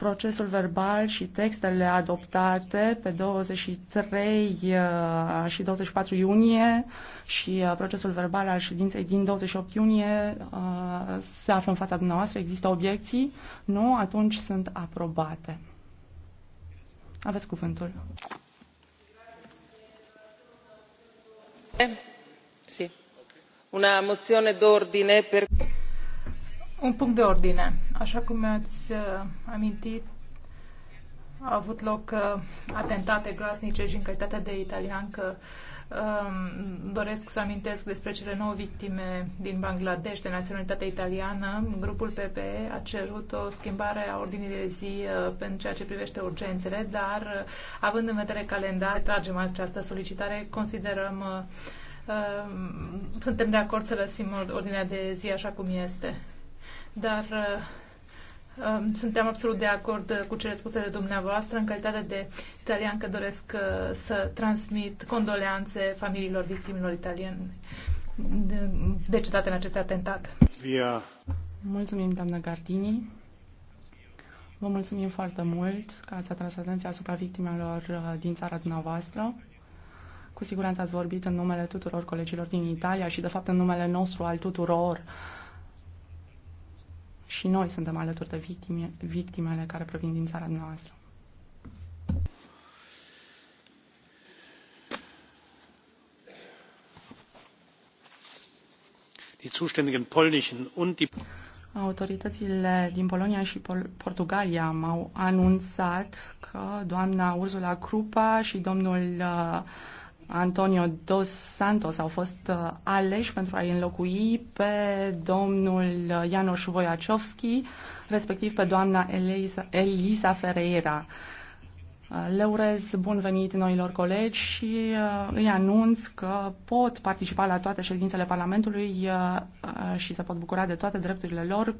procesul verbal și textele adoptate pe 23 și 24 uh, iunie și uh, procesul verbal al ședinței din 28 iunie uh, se află în fața dumneavoastră. Există obiecții? Nu? Atunci sunt aprobate. Aveți cuvântul. Eh, Una moțiune d'ordine per un punct de ordine. Așa cum ați uh, amintit, au avut loc uh, atentate groaznice și în calitate de italiancă um, doresc să amintesc despre cele nouă victime din Bangladesh de naționalitate italiană. Grupul PPE a cerut o schimbare a ordinii de zi uh, în ceea ce privește urgențele, dar având în vedere calendar, tragem această solicitare, considerăm um, suntem de acord să lăsim ordinea de zi așa cum este dar uh, um, suntem absolut de acord uh, cu cele spuse de dumneavoastră. În calitate de italian că doresc uh, să transmit condoleanțe familiilor victimilor italieni decedate în aceste atentate. Via. Mulțumim, doamnă Gardini. Vă mulțumim foarte mult că ați atras atenția asupra victimelor din țara dumneavoastră. Cu siguranță ați vorbit în numele tuturor colegilor din Italia și, de fapt, în numele nostru al tuturor uh, și noi suntem alături de victime, victimele care provin din țara noastră. Die zuständigen polnischen und die Autoritățile din Polonia și Pol- Portugalia m-au anunțat că doamna Ursula Krupa și domnul uh, Antonio Dos Santos au fost uh, aleși pentru a înlocui pe domnul Janusz uh, Wojaczowski, respectiv pe doamna Elisa, Elisa Ferreira. Uh, le urez bun venit noilor colegi și îi anunț că pot participa la toate ședințele Parlamentului și se pot bucura de toate drepturile lor